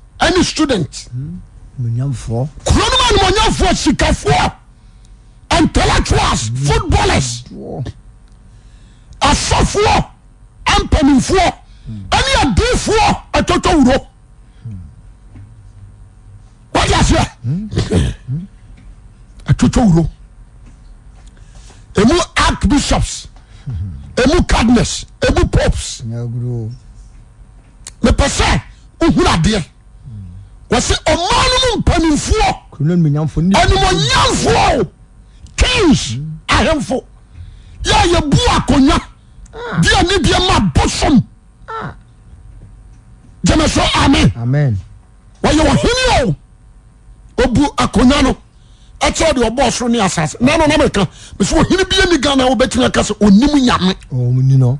Any student kuro no ma intellectuals footballers asɔfoɔ À ɛne hmm. adiifoɔ atotɔ wuro wode aseɛ hmm? hmm? atotɔ wuro emu archbishops emu cardinals emu popes adeɛ wɔsɛ ɔmaa no mu mpanimfoɔ animonyamfoɔ kings hmm. ahemfo yɛ yɛbu akonya, bia ah. ne bia ma bosom gyeme ah. so amen wɔyɛ ɔhene o obu akonya no ɛkyɛ ɔde ɔbɔ soro ne asase nano na meka mesɛ ɔhene bia ni ghana wobɛtumi aka sɛ ɔnim nyame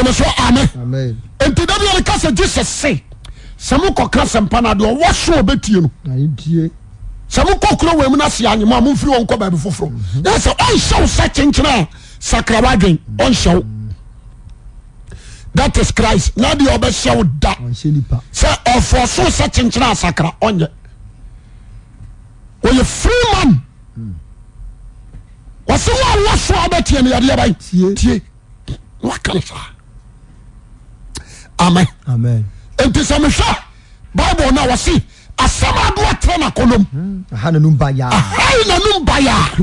eneso ame nti daiankasɛ s se m e seara afen nti se mehwɛ bible na wose asamadoa tere nkonn akro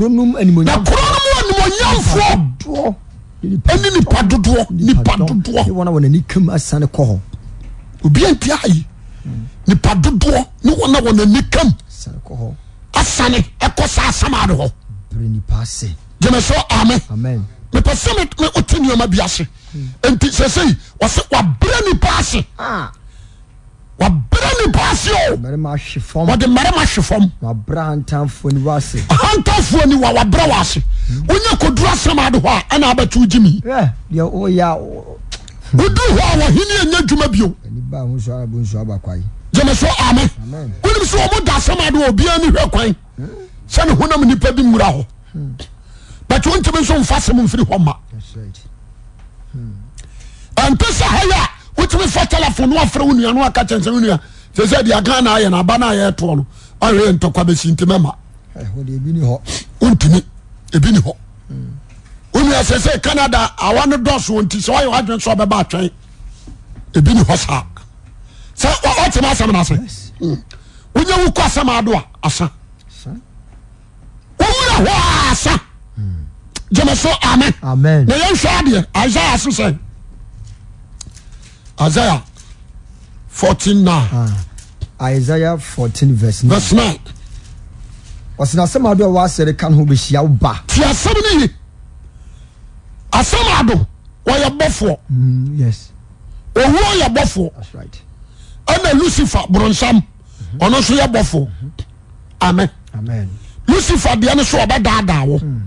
nm animoyafo ni nipa ni nipa dd newnwnankam asane ekose asam adoh meso ame mepɛ sɛ wote nneɔma bi ase nti sɛsei wɔsɛ wabrɛ nipa ase ah. wabrɛ nipa ase o wɔde mmarima hwe fam ahantamfoɔ ni wa wabrɛ wɔ ase wonya kɔduru asɛm ade hɔ a ɛna abɛto gye mi wodu hɔ a wɔhene anya adwuma bio gyeme so ame wonim sɛ ɔmo da asɛm ade wɔ obiaa ne hwɛ kwan sɛ ne honam nnipa bi mmura hɔ but wontimi nso mfa sɛm mfiri hɔ ma ɛnte sɛ hɛyɛ a wotumi fa telephone wafrɛ wo nua no aka kyɛn sɛ wo nua sɛ sɛ aka na ayɛ no aba no ayɛ toɔ no ahwɛ ntɔkwa bɛsi nti mɛma wontumi ebi ni hɔ wonua sɛ sɛ canada awa no dɔso nti sɛ woayɛ wadwene so wobɛba atwɛn ebi ni hɔ saa sɛ wɔtemi asɛm no ase wonya wokɔ asɛm ado a asa wowura hɔ asa gyemɛ so amena yɛnhwɛa deɛ isaia so sɛ isaai ɔsno asɛm ado a wɔasɛre ka no hobɛhyia w ba fi asɛm no yi asɛm ado wɔyɛ bɔfoɔ ɔhur yɛbɔfoɔ ɛna lucife boronsam ɔnoso yɛbɔfoɔ ame lucifa deɛ no soɔbɛdaadaa wɔ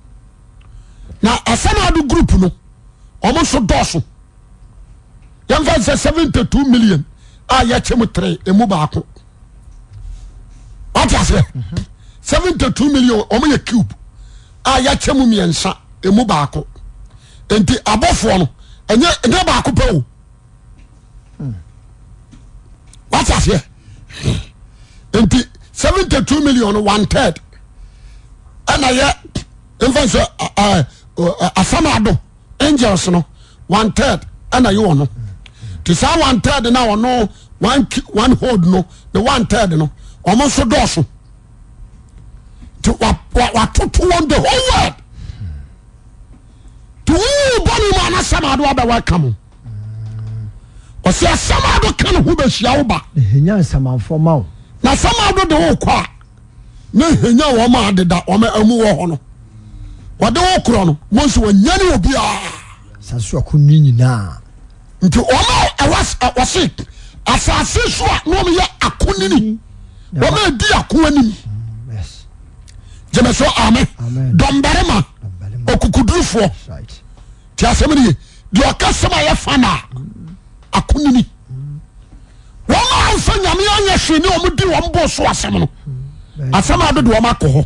asam ado group no ɔmoso dɔso yɛmfam sɛ 7 2 million ayakyɛm tre m baakatasɛ 72 million myɛ b ayakyɛmɛsa m baak nti aofo no ebaako pɛo wataseɛ nti 72 million wnted ɛnayɛfsɛ Eh, asamado angels no one third ɛna yɛ no te saa one third na ɔno one one hold no the one third no ɔmo nso dɔɔso te wa wa watoto wɔn the whole world te wuu bɔnni mu ana asamado abɛwɔ ɛka mu ɔsi asamado ka ne ho bɛhyia wo ba. ehinya nsamanfo ma o. na asamado de o kɔ a ne ehinya wɔn a deda wɔn amu wɔ hɔ no. wɔde wo korɔ no mos wɔnyane wɔ biaa sasoakoni nyinaa nti ɔma wɔse asase so a na ɔmyɛ ako nini mm. ɔma adi ako anim mm, gyeme so ame dɔmbarema okukudurufoɔ nti asɛm ne ye deɛ ɔka sɛm a yɛfa no a ako nini wɔma amfa nyame anyɛ hwee ne ɔmdi wɔmbɔ so asɛm no mm. asɛm a dode wɔm akɔ hɔ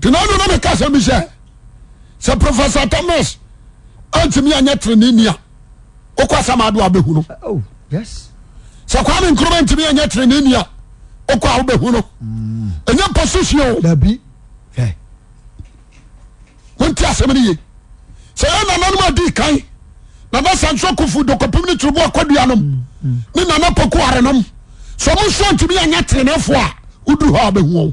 tina nu na meka sa mi sɛ sɛ professo tomas antimianye tere ne mm. na wokɔsamadobhunotypanof t ternf dbhu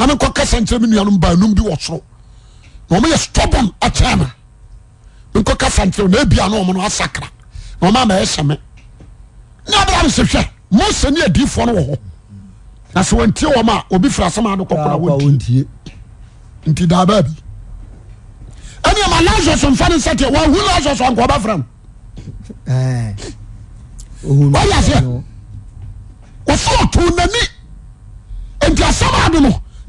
nameko ka sakere menuao banu bi wo soro nameye stobn kema meko ka sakernnrae d s tonii samd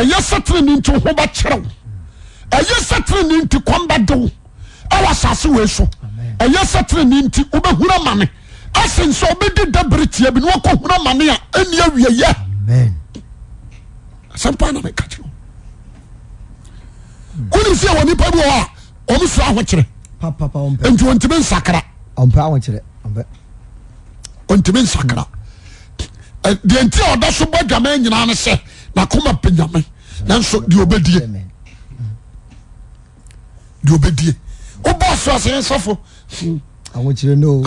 ɛyɛ sɛterennti hobɛkyerew ɛyɛ sɛterenonti kombade w sasee so ɛyɛ sɛterennti wobɛhua amane asnsɛ odaberetiainhumane ɛnwiyɛ wonisɛwnipa bi a ɔnesura ahokyerɛ entintimi nskrntimi nsakranti ɔdaso bɔ wame yinane sɛ nakoma pɛ hmm. hmm. nyame nanso deɛ obɛdie deɛ obɛdie wobɔ asoaseɛ nsafo ahokyerɛ no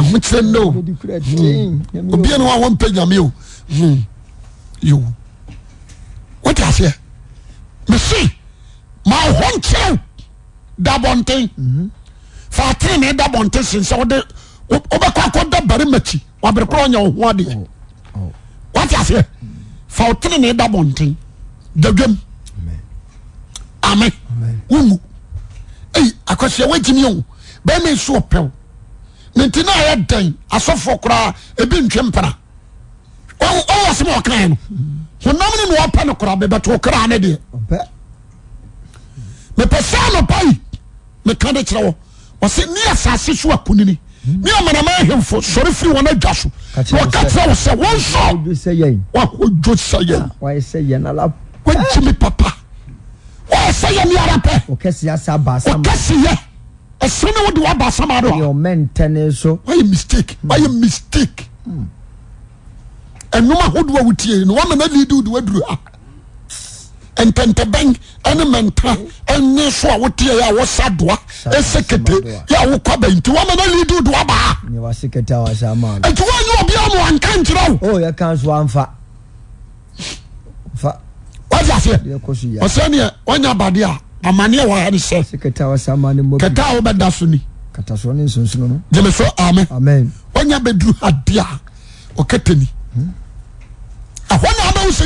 obia ne wa wɔmpɛ nyame o hmm. yo wote aseɛ mese maho nkyerɛw da bɔnten mm-hmm. fa atene da bɔnten sen sɛ wode wobɛkɔ akɔda bare makyi waberekora ɔnya wo ho adeɛ wote aseɛ faotere ne idabonten dadwom ame wonu e akasa wo gimio bemesoo pe mentineyɛ dan asofo koraa ebi ntwepra wsem ok namn npane koratookradeepesa npai ekakerose ní amanama ahemfo sọrọ firi wọn adwa so wọka tẹ ọ sẹ wọn sọ wakojo sẹ yẹn wọn jimi papa wọn sẹ yẹn ní ara pẹ ọkẹsi yẹ ẹsẹ ni wọn di wọn ba asama do a wọn yẹ mistake hmm. wọn yẹ mistake ẹnum hmm. ahodoɔ a wọ tie no wọn nana lead wo de wọn duro ha. ntnteben nemanta ne soawot awosa da ɛsk ɛwokantiwaman o dwa baatiwoiao mnkankyerɛoɛsn anyabadea amannsɛke woɛdsns yabedru aiosɛ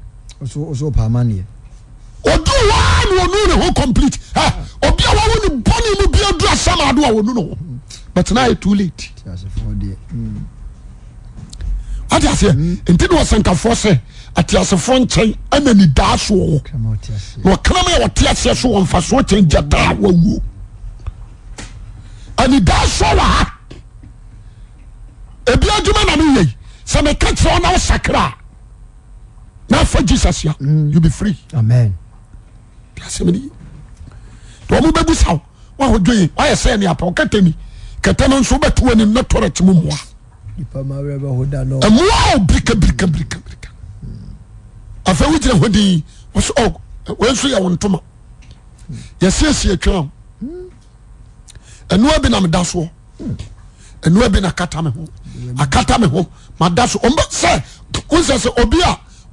ɔsɛ ɔpa ama neɛ wa ni o ɔnu ne ho complete ɛ obi a wa wawo ne bɔne mu bi adu asam adu a ɔnu ne ho but now it's too late Ati ate aseɛ nti ne wɔsankafoɔ sɛ ateasefoɔ nkyɛn ɛna ne daa soɔ hɔ na ɔkram a wɔte aseɛ so wɔmfa soɔ kyɛn gya daa wawuo ani daa soɔ wɔ ha ebi adwuma na meyɛi sɛ meka kyerɛ wo na wo sakra fa eus oefe se eb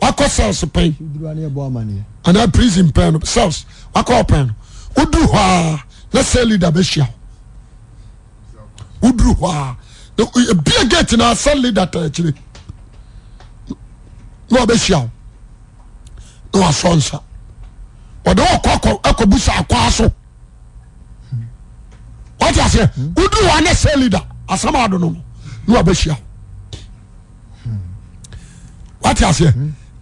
wkɔ cels pa anapresn palswp wo na selleder bɛawbiagatina seleder takr nwabɛia nawasonsa deɛkbusa akw sowat aseɛ wo hna sel leder asadnwɛawtsɛ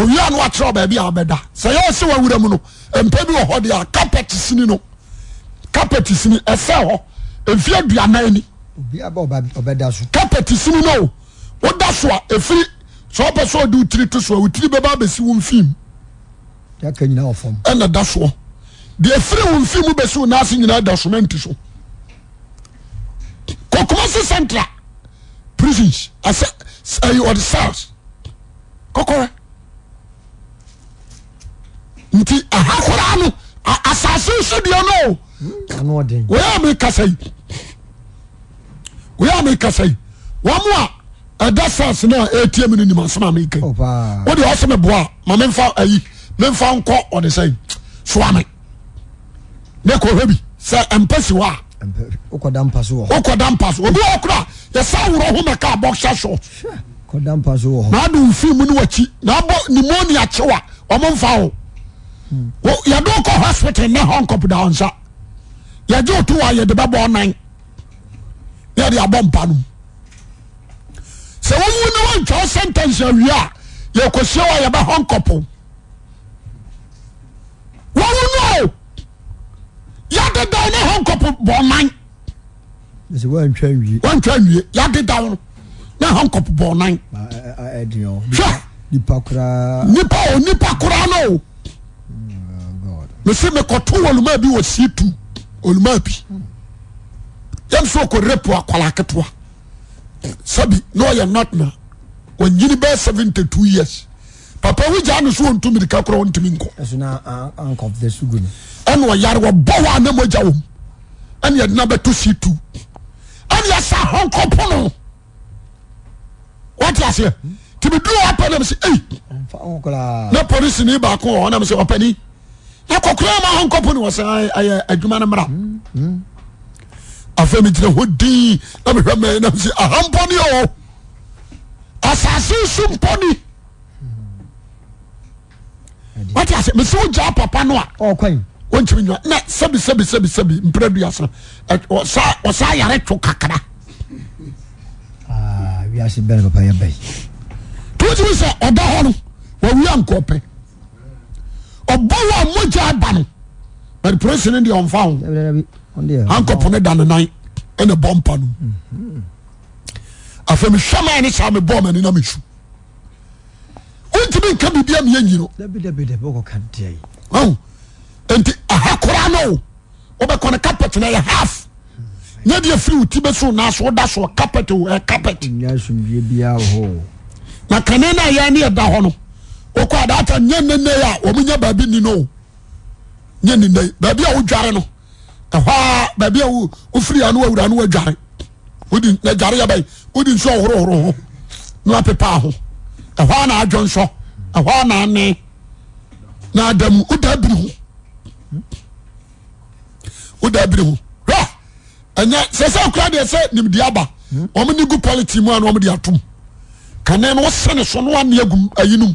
owia no wakyerɛ baabi a wabɛda sɛ yɛwɔ sɛ wawura mu no mpɛ bi wɔ hɔ deɛ a kapɛt sini no kapɛt sini ɛsɛ hɔ ɛmfie aduanan ni kapɛt sini no woda so a ɛfiri sɛ wopɛ sɛ ɔde wo tiri to so a wotiri bɛba bɛsi wo mfim ɛna da soɔ deɛ ɛfiri wo mfim mu bɛsi wo naase nyinaa da somɛnti so kokoma central prisons ɛsɛ ɛyɛ ɔde sars kɔkɔrɛ nti aha koraa no asase nso deɛ no wɔyɛ a mekasa yi wɔyɛ a mekasa yi wɔn a ɛda sars no a ɛretie mu no nim asɛm a meka yi wɔde ɔsɛ me boa ma memfa ayi memfa nkɔ ɔde sɛ soa me ne kɔhwɛ bi sɛ ɛmpɛ si hɔ a wokɔda mpa so obi wɔ kora yɛsa worɔ ho mɛka abɔhyɛ so na ade wo fii mu no wakyi na abɔ pneumonia kyew a ɔmomfa wo yɛde kɔ hospital ne hunkop dansa yɛgye otowayɛdebɛbɔnan ɛde ɔ pa no sɛ womun wantwaw sentense awie a yɛksiwa yɛɛhunkp o yaan np ɔnn npɔra ese mekotlmbi si t olmbi ensokrepa kolaketwa sabi ynn yeni be sevn t years aaanyeroao nydinabe to si t nyesa honkonpun tas tmi d penemspoe nba akokrama ha nkoponi wase adwuma ne mra afe metina hodi na mehwɛ manamse aha mponio asase su mponi wts mesewo ya papa na kiin sabsaasaassa yare two kakarawmsɛ awn obooa moya ba no but preseno de faoanopn dann n bopa emeeneamenna wtimi ka biimyirh capetna edfrticaee okɔ adaata nyɛ nene a wɔmunya baabi ni no nyɛ nene baabi a wodware no ɛhɔ a baabi a wofiri ano awura no wadware wodi adware yɛ bɛyi wodi nsuo ɔhorohoro ho na wapepa ho ɛhɔ na adwo nsɔ ɛhɔ na ane na adamu woda biri ho woda biri ho hwɛ ɛnyɛ sɛ sɛ okura deɛ sɛ nimdeɛ aba wɔn ni gu pɔliti mu a na wɔn de atum kane no wɔsɛn so no wa ne agu ayinum.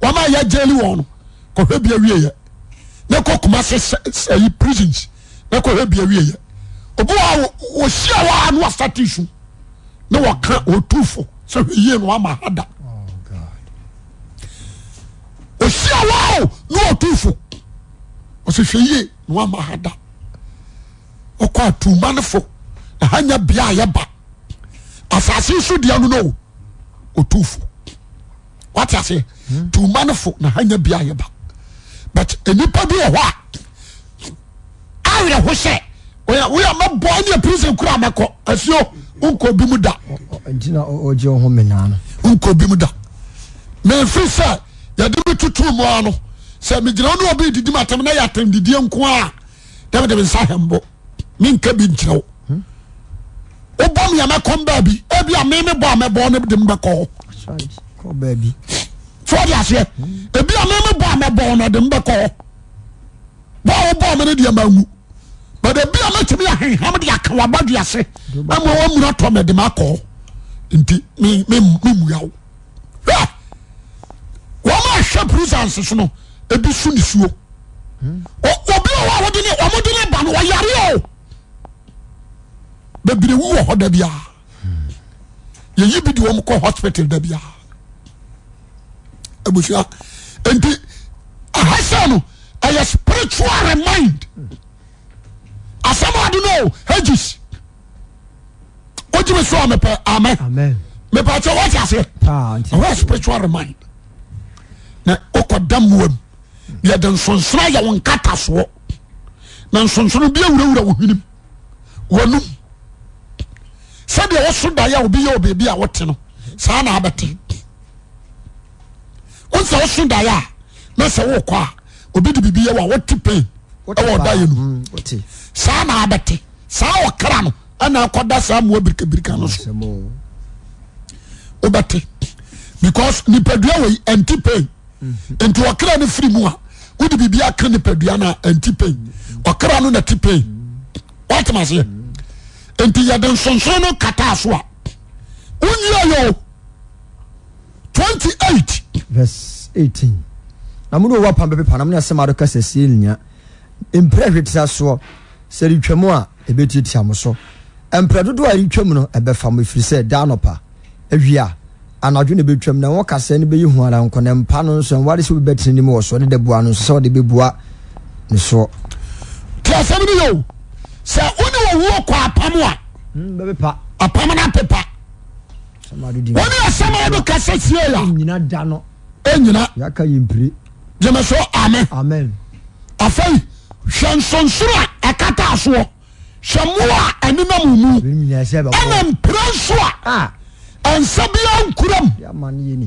mayɛgyeli wɔ hwɛ biawieɛ na sɛi prs nw aea naates n ka ɔfɛaaa n f hwe nwahd ɔ atmanf ahaya biaayɛba asase nso deano nɔt fes tuumano fo nahaya biayɛba but nipa bi hɔa awerɛ ho sɛ n pee kkndada mef sɛ edem tutmn sɛ meyinediditam ɛtmddinko memsahm me bikyr ak fọdí aseɛ ebi a mímu bọ àmẹ bọ ọ̀nà ọ̀dẹ̀ mbẹ́kọ̀ bọ́ọ̀ bọ́ọ̀ mi ni diẹ máa wu bẹ̀dẹ̀ ebi a mẹtìmí ahìnhàn di akawa bọ́ọ̀dù ase ẹ̀mọ wọn múra tọ́ mẹ̀dẹ̀ máa kọ́ nti mi mi mi mu yà wò hẹ́ wọ́n máa hwẹ́ prisons so no ebi sún ní suo obi a wọ́n di ni wọ́n di ni ba ni wọ́n yàrá o bẹ̀bìrì wú wọ̀ họ́ dẹ̀ bíyà yẹ̀yí bi di wọ́n kọ́ hospital dẹ̀ bíyà. sa nti ha sɛ no ɛyɛ spiritual remind asɛm ade no hages wokimɛsoap a mepɛ kyɛ wot aseɛ ɛwɛ spiritual reind n wokɔdammoam bade nsosoro ayɛwo nkata soɔ na nsosono biawurawra woheni no sɛdeɛ wosodaeɛ a wobiyɛ beabi awoteno saa naɛ sɛ wosondai ah, oh, hmm, mhm. a na mhm. sɛ wokɔ mhm. a obi de birbi yawo wote pan wday nu sa aaaa birkabrka o wotbeause niaanpeiniadanp rapnssor o kata soa oyy 2e verse 18 na mu ne wɔwɔ apam bɛpepa na mu ne asɛm ado kasa sie nya mprɛ hwetesa soɔ sɛ retwa mu a ɛbɛtiatia mo so mprɛ dodoɔ a ɛretwa mu no ɛbɛfa mo ɛfiri sɛ daa nɔpa awia anadwo na ɛbɛtwam na wɔn kasa no bɛyɛ hu ara nkɔ na mpa no nso nware sɛ wobɛtena nim wɔ soɔ ne da boa no nso sɛ wɔde bɛbua ne soɔ te asɛm no yɛo sɛ wone wɔwuo kɔ apam a hmm, bɛbepa apam no apepa wɔne asɛm a ɛdo kasa sie a nyina da no ɛnyinayympr gyemɛso ame afei hwɛ nsonsoro a ɛkataa soɔ hwɛ moa a ɛne namu nu ɛna mpire nso a ɛnsa biara nkuro m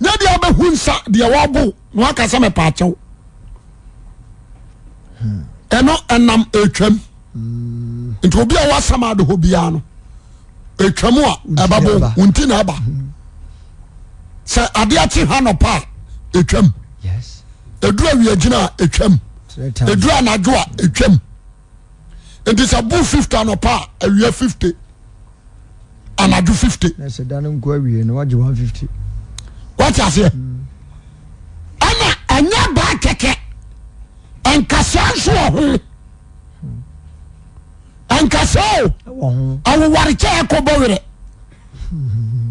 nɛ deɛ wabɛhu nsa deɛ wɔbo na waaka sɛ mepɛakyɛw hmm. ɛno ɛnam ɛtwam hmm. nti obi a woasam ade hɔ biara no ɛtwam a ɛbab wonti no ɛba hmm. sɛ ade akye ha nɔpa a ɛtwam ɛduru awiagyina a ɛtwam ɛduru anadwo a ɛtwam nti sɛ bu 50 anɔpa a awia 50 anadwo 50 wate aseɛ ana ɛnyɛ baa kɛkɛ ɛnkasɛa nso wɔ ho ɛnkasɛa o awowarekyɛ ɛkɔbɔ werɛ hmm.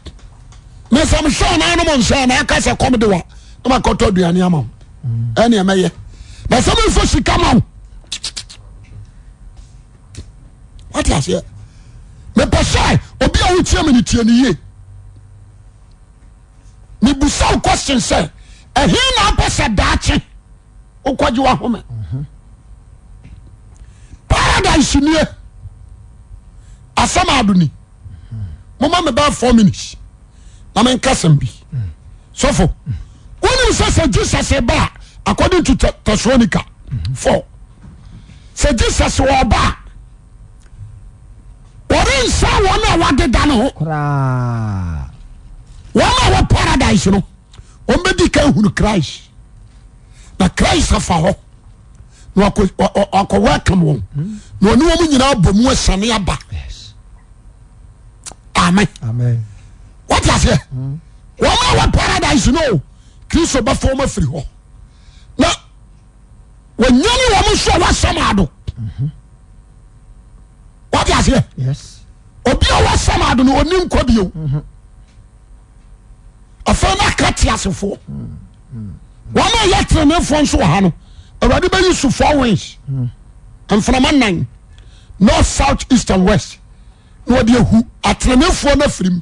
sesmosikama mepeso itemnetianye meuso qestion se enpese dake okaiwome paradise ne asame adoni moma meba for minuts amɛnkasam bi sɛfo wɔnim sɛ sɛ jisus ba a according to tesalonical fo sɛ jesus wɔba a ɔnensa wɔ na wadeda no ho ɔn a wɔ paradise no ɔmbɛdi ka nhunu christ na christ afa hɔ na wakɔ welkam wɔ naɔnemɔm nyinaa bɔ mu asɛne aba ame we aseɛ ma a wɔ paradise no kristo bɛfaomafiri hɔ na ayani wɔm soawɔsam adowe aseɛ biwsa ado no ɔnikɔbi afa no aka teasefoɔ ma ayɛ tranefoɔ nsoh no awurade bɛyu sufo wins mfonama nan no south eastern west na wɔdeahu atranefoɔ no afirim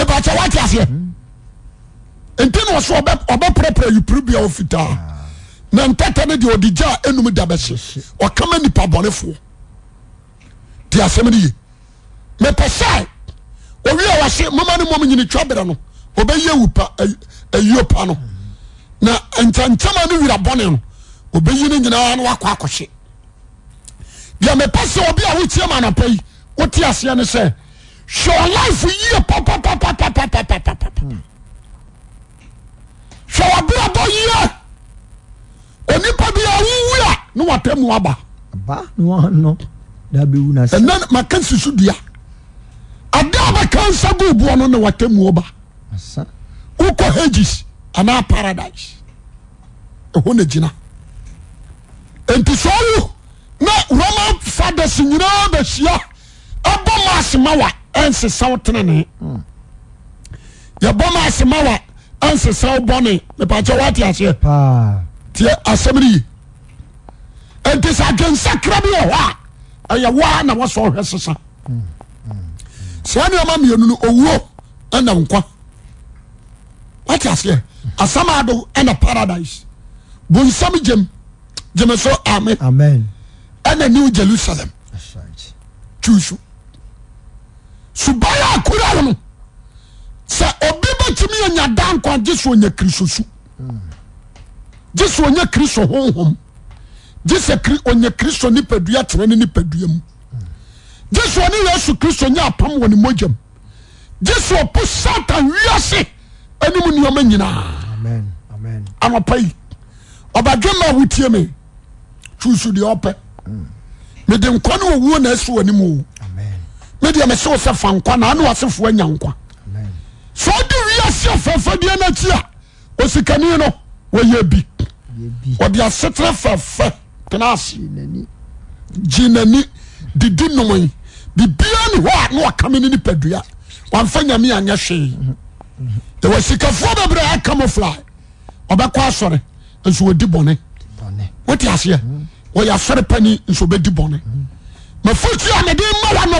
mepatɛ wate aseɛ nti na ɔso ɔbɛprɛprɛ yipiri bia ofitaa na ntɛtɛ no deɛ ɔde gyaa enum da bɛhye ɔkama nipa bɔnefoɔ te asɛm no ye mepɛ sɛ owi a wɔhye moma no mom nyini twa berɛ no ɔbɛyɛ wu pa ayio pa no na nkyɛnkyɛma no wira bɔne no ɔbɛyi no nyinaa na wakɔ akɔhye deɛ mepɛ sɛ obi a wotie ma anɔpa yi wote aseɛ no sɛ life ye po hwɛ wbrabɔ yie onipa bi awowea newatamuba maka sisu dua adebɛkasa gobno ne watamuba wocohges anaparadise ɛhon gina enti sɛ wu na roma fades yina basia abamasemawa sse yɛbɔm asema wa nsesa bɔne epawat aseɛ tɛ asamreye nti sɛ adwensakra mi wɔ hɔ a ɛyɛwo nawasohwɛ sesa sɛnema miɛn owo na nka wate aseɛ asam ado ɛna paradise bonsam gye geme so ame ɛna new jerusalem ts suba a kura o no sɛ obi ba timi ɛnyada nkoa gye so ɔnya krisosu gye so ɔnya kristo honhom gyeɔnya kristo nipadua tea no nipadua mu gye so ɔ ne yesu kristo nya apam wɔ nemmogyam gye so ɔpo satan wiase anim neɔma nyinaa anɔpayi ɔbadwemawotiem susudeɛ ɔɛ mm. medenwa n nasoni sse fas fee i fee yaysesikef f efe edemno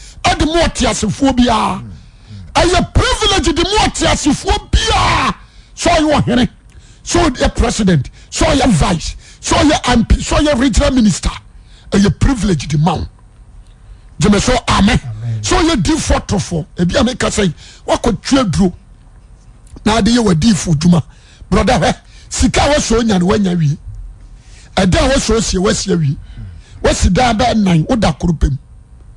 ɛde motiasfuo bia ɛyɛ privilege de motiasfuo bia sɛyyere soyɛ president soyɛ vice soyɛp yɛfoo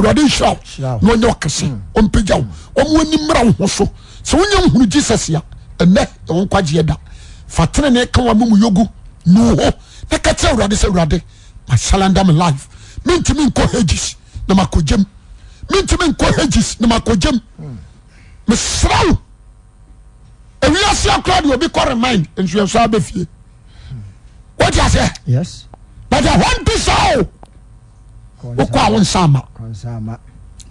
rye eaooe mesrao wisi clod obi coremind see utonpise wokɔ a wo nsa ama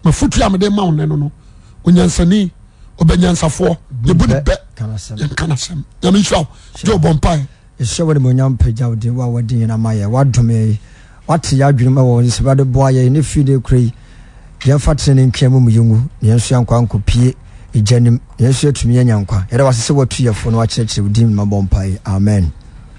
mafotu a mede ma wo nɛ no no onyansani ɔbɛnyansafoɔ yɛbu ne bɛ yɛnka nasɛm nyame nhyira wo gye wobɔ mpae ɛhyɛ wode monyam pagya wode wo a wɔde nyinama yɛ woadome wate yɛ adwene ma wɔ nsɛba de boa yɛ ne fii de kora yi yɛmfa tene ne nkea mu mu yɛngu ne yɛnso yɛnkwa nkɔpie ɛgyanim yɛnso atumi yɛnya nkwa yɛdɛ wase sɛ woatu yɛfoɔ no wakyerɛkyerɛ wo din nomabɔ mpae amen